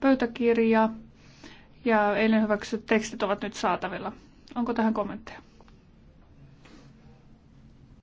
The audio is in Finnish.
pöytäkirja ja eilen hyväksytyt tekstit ovat nyt saatavilla. Onko tähän kommentteja?